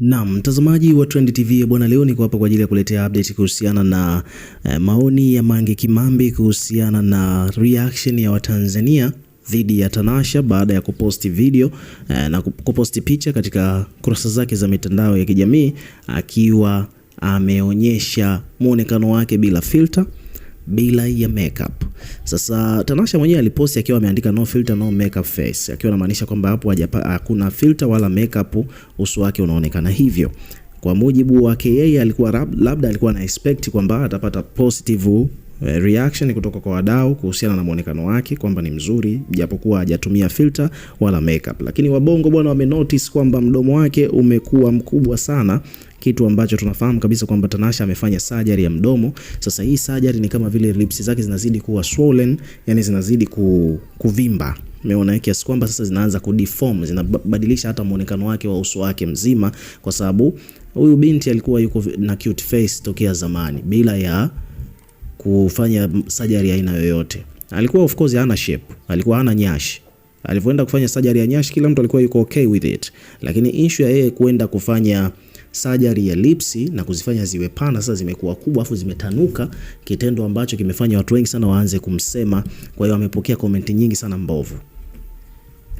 Na mtazamaji wa Trend TV bwana, leo niko hapa kwa ajili ya kuletea update kuhusiana na eh, maoni ya Mange Kimambi kuhusiana na reaction ya Watanzania dhidi ya Tanasha baada ya kuposti video eh, na kuposti picha katika kurasa zake za mitandao ya kijamii akiwa ameonyesha mwonekano wake bila filter bila ya makeup. Sasa Tanasha mwenyewe aliposti akiwa ameandika no filter no makeup face, akiwa anamaanisha kwamba hapo hakuna filter wala makeup, uso wake unaonekana hivyo. Kwa mujibu wake yeye, alikuwa labda alikuwa na expect kwamba atapata positive Eh, reaction kutoka kwa wadau kuhusiana na muonekano wake kwamba ni mzuri, japokuwa hajatumia filter wala makeup. Lakini wabongo bwana wame notice kwamba mdomo wake umekuwa mkubwa sana kitu ambacho tunafahamu kabisa kwamba Tanasha amefanya surgery ya mdomo. Sasa hii surgery ni kama vile lips zake zinazidi kuwa swollen, yani zinazidi ku, kuvimba meona kiasi kwamba sasa zinaanza kudeform, zinabadilisha hata muonekano wake wa uso wake mzima, kwa sababu huyu binti alikuwa yuko na cute face tokea zamani bila ya kufanya surgery ya aina yoyote. Alikuwa of course hana shape, alikuwa hana nyashi. Alipoenda kufanya surgery ya nyashi, kila mtu alikuwa yuko okay with it, lakini issue ya yeye kuenda kufanya surgery ya lipsi na kuzifanya ziwe pana, sasa zimekuwa kubwa afu zimetanuka, kitendo ambacho kimefanya watu wengi sana waanze kumsema. Kwa hiyo amepokea komenti nyingi sana mbovu.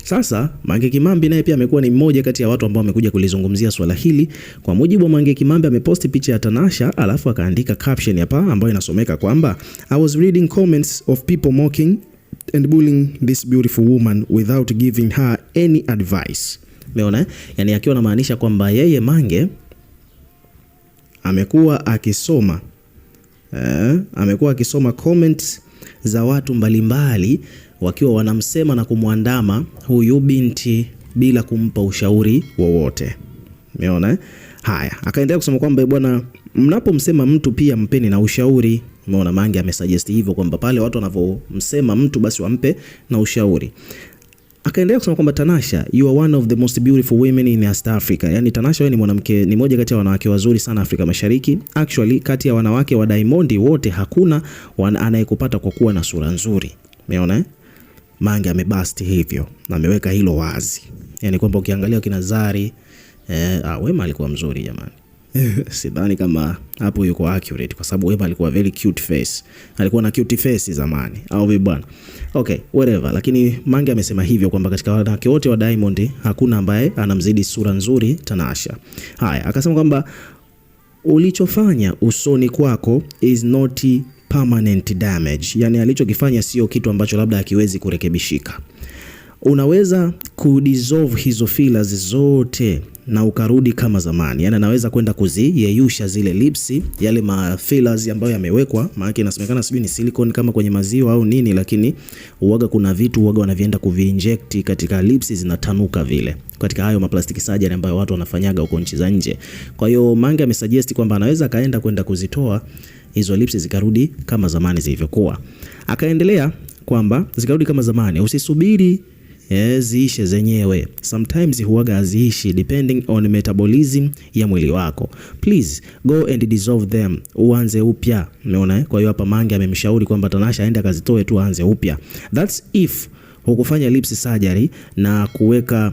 Sasa Mange Kimambi naye pia amekuwa ni mmoja kati ya watu ambao wamekuja kulizungumzia swala hili. Kwa mujibu wa Mange Kimambi, ameposti picha ya Tanasha alafu akaandika caption hapa ambayo inasomeka kwamba I was reading comments of people mocking and bullying this beautiful woman without giving her any advice. Umeona? Yaani akiwa anamaanisha kwamba yeye Mange amekuwa akisoma eh, amekuwa akisoma comments za watu mbalimbali mbali, wakiwa wanamsema na kumwandama huyu binti bila kumpa ushauri wowote. Umeona? Eh? Haya, akaendelea kusema kwamba eh, bwana, mnapomsema mtu pia mpeni na ushauri. Umeona, Mange amesuggest hivyo kwamba pale watu wanavyomsema mtu basi wampe na ushauri. Akaendelea kusema kwamba Tanasha, you are one of the most beautiful women in East Africa. Yaani Tanasha, wewe ni mwanamke, ni moja kati ya wanawake wazuri sana Afrika Mashariki. Actually, kati ya wanawake wa Diamond wote hakuna anayekupata kwa kuwa na sura nzuri. Umeona? Eh? Mange amebasti hivyo na ameweka hilo wazi, yani kwamba ukiangalia kina Zari eh, ah, Wema alikuwa mzuri jamani. Sidhani kama hapo yuko accurate kwa sababu Wema alikuwa very cute face. Alikuwa na cute face zamani au vipi bwana? Okay, whatever. Lakini Mange amesema hivyo kwamba katika wanawake wote wa Diamond hakuna ambaye anamzidi sura nzuri Tanasha. Haya, akasema kwamba ulichofanya usoni kwako is not permanent damage, yani alichokifanya sio kitu ambacho labda hakiwezi kurekebishika unaweza kudisolve hizo fillers zote na ukarudi kama zamani, yani anaweza kwenda kuziyeyusha zile lips, yale ma fillers ambayo yamewekwa, maana inasemekana sijui ni silicone kama kwenye maziwa au nini, lakini uwaga kuna vitu uwaga wanavienda kuviinject katika lips zinatanuka vile, katika hayo maplastiki surgery ambayo watu wanafanyaga huko nchi za nje. Kwa hiyo Mange amesuggest kwamba anaweza kaenda kwenda kuzitoa hizo lips zikarudi kama zamani zilivyokuwa. Akaendelea kwamba zikarudi kama zamani, usisubiri Eh, ziishe zenyewe. Sometimes huaga haziishi depending on metabolism ya mwili wako. Please go and dissolve them, uanze upya. Umeona eh? Kwa hiyo hapa Mange amemshauri kwamba Tanasha aende akazitoe tu aanze upya. That's if hukufanya lips surgery na kuweka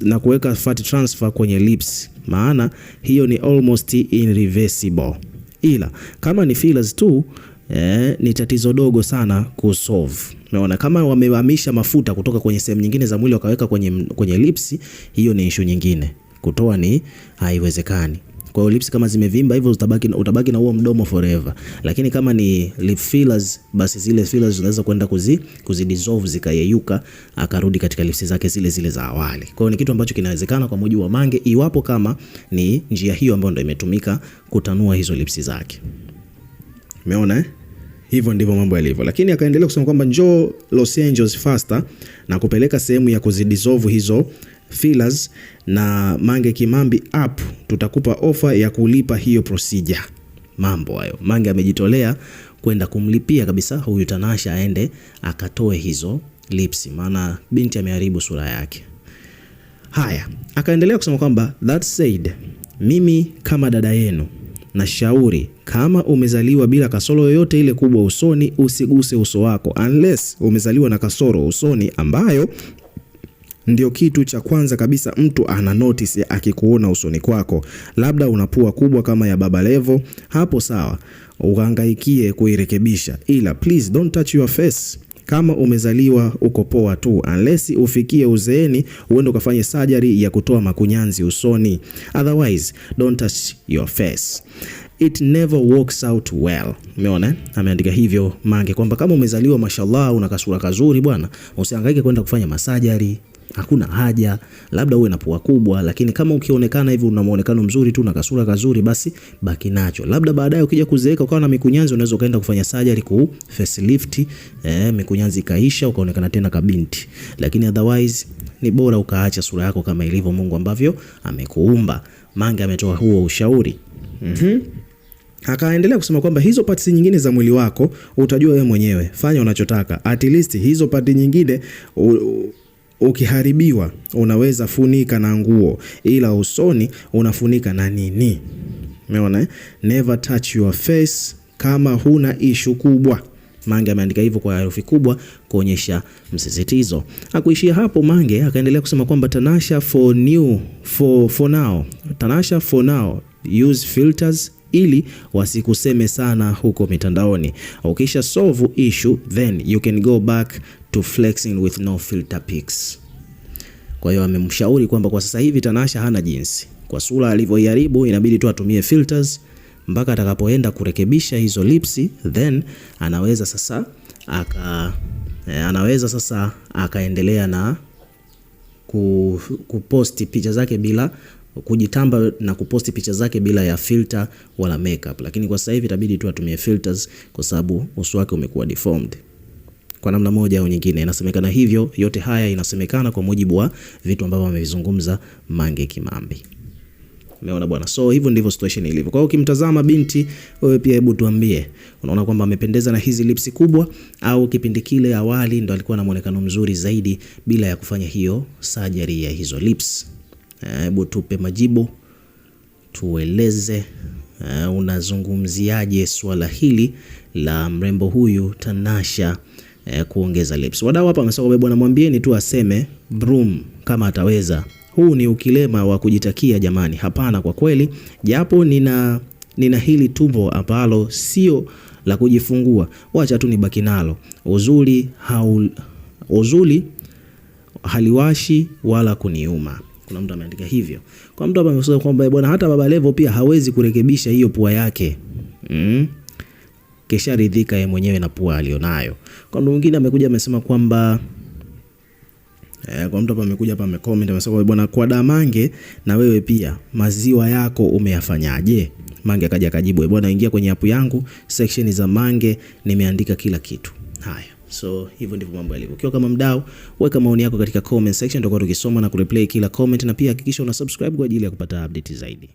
na kuweka fat transfer kwenye lips, maana hiyo ni almost irreversible. Ila kama ni fillers tu eh, ni tatizo dogo sana kusolve. Umeona, kama wamehamisha mafuta kutoka kwenye sehemu nyingine za mwili wakaweka kwenye, kwenye lips, hiyo ni issue nyingine. Kutoa ni haiwezekani. Kwa lips kama zimevimba hivyo utabaki, utabaki na huo mdomo forever. Lakini kama ni lip fillers, basi zile fillers zinaweza kwenda kuzi, kuzi dissolve zikayeyuka, akarudi katika lips zake zile zile za awali. Kwa hiyo ni kitu ambacho kinawezekana kwa mujibu wa Mange, iwapo kama ni njia hiyo ambayo ndio imetumika kutanua hizo lips zake. Umeona eh? Hivyo ndivyo mambo yalivyo, lakini akaendelea kusema kwamba njoo Los Angeles faster na kupeleka sehemu ya kuzidisovu hizo fillers na Mange Kimambi app, tutakupa ofa ya kulipa hiyo procedure. Mambo hayo Mange amejitolea kwenda kumlipia kabisa huyu Tanasha aende akatoe hizo lips, maana binti ameharibu sura yake. Haya, akaendelea kusema kwamba that said, mimi kama dada yenu na shauri, kama umezaliwa bila kasoro yoyote ile kubwa usoni, usiguse uso wako unless umezaliwa na kasoro usoni ambayo ndio kitu cha kwanza kabisa mtu ana notice akikuona usoni kwako. Labda una pua kubwa kama ya Baba Levo, hapo sawa, uhangaikie kuirekebisha, ila please don't touch your face kama umezaliwa uko poa tu, unless ufikie uzeeni uende ukafanye surgery ya kutoa makunyanzi usoni, otherwise don't touch your face it never works out well. Umeona, ameandika hivyo Mange kwamba kama umezaliwa mashallah, una kasura kazuri bwana, usihangaike kwenda kufanya masajari hakuna haja, labda uwe na pua kubwa, lakini kama ukionekana hivi una muonekano mzuri tu na kasura kazuri, basi baki nacho. Labda baadaye ukija kuzeeka ukawa na mikunyanzi, unaweza ukaenda kufanya surgery ku facelift, eh, mikunyanzi kaisha, ukaonekana tena kabinti, lakini otherwise ni bora ukaacha sura yako kama ilivyo Mungu ambavyo amekuumba. Mange ametoa huo ushauri. mm -hmm. Akaendelea kusema kwamba hizo pati nyingine za mwili wako utajua wewe mwenyewe, fanya unachotaka. At least hizo pati nyingine u, u, Ukiharibiwa unaweza funika na nguo, ila usoni unafunika na nini? Umeona, eh? never touch your face kama huna ishu kubwa. Mange ameandika hivyo kwa herufi kubwa kuonyesha msisitizo. Akuishia hapo, Mange akaendelea kusema kwamba Tanasha for new, for, for now. Tanasha for now use filters ili wasikuseme sana huko mitandaoni. Ukisha solve issue then you can go back to flexing with no filter pics. Kwa hiyo amemshauri kwamba kwa sasa hivi Tanasha hana jinsi, kwa sura alivyoiharibu inabidi tu atumie filters mpaka atakapoenda kurekebisha hizo lipsi, then anaweza sasa aka eh, anaweza sasa akaendelea na kuposti picha zake bila kujitamba na kuposti picha zake bila ya filter wala makeup, lakini kwa sasa hivi itabidi tu atumie filters kwa sababu uso wake umekuwa deformed kwa namna moja au nyingine, inasemekana hivyo. Yote haya inasemekana kwa mujibu wa vitu ambavyo amevizungumza Mange Kimambi. Umeona bwana, so hivyo ndivyo situation ilivyo. Kwa hiyo ukimtazama binti wewe pia, hebu tuambie, unaona kwamba amependeza na hizi lipsi kubwa, au kipindi kile awali ndo alikuwa na muonekano mzuri zaidi bila ya kufanya hiyo surgery ya hizo lips? Eh, hebu tupe majibu, tueleze uh, unazungumziaje swala hili la mrembo huyu Tanasha uh, kuongeza lips. Wadau hapa wamesema kwamba bwana, mwambieni tu aseme broom kama ataweza. Huu ni ukilema wa kujitakia jamani, hapana. Kwa kweli, japo nina nina hili tumbo ambalo sio la kujifungua, wacha tu nibaki nalo. Uzuri haul, uzuri haliwashi wala kuniuma. Kuna mtu ameandika hivyo. Kwa mtu hapa amesema kwamba bwana, hata Baba Levo pia hawezi kurekebisha hiyo pua yake mm. Kisha ridhika yeye mwenyewe na pua alionayo. Kwa mtu mwingine amekuja amesema kwamba eh, kwa mtu hapa amekuja hapa amecomment amesema bwana, kwa Damange na wewe pia maziwa yako umeyafanyaje? Mange akaja akajibu, bwana, ingia kwenye app yangu section za Mange, nimeandika kila kitu. Haya. So hivyo ndivyo mambo yalivyo. Ukiwa kama mdau, weka maoni yako katika comment section, tutakuwa tukisoma na kureplay kila comment, na pia hakikisha una subscribe kwa ajili ya kupata update zaidi.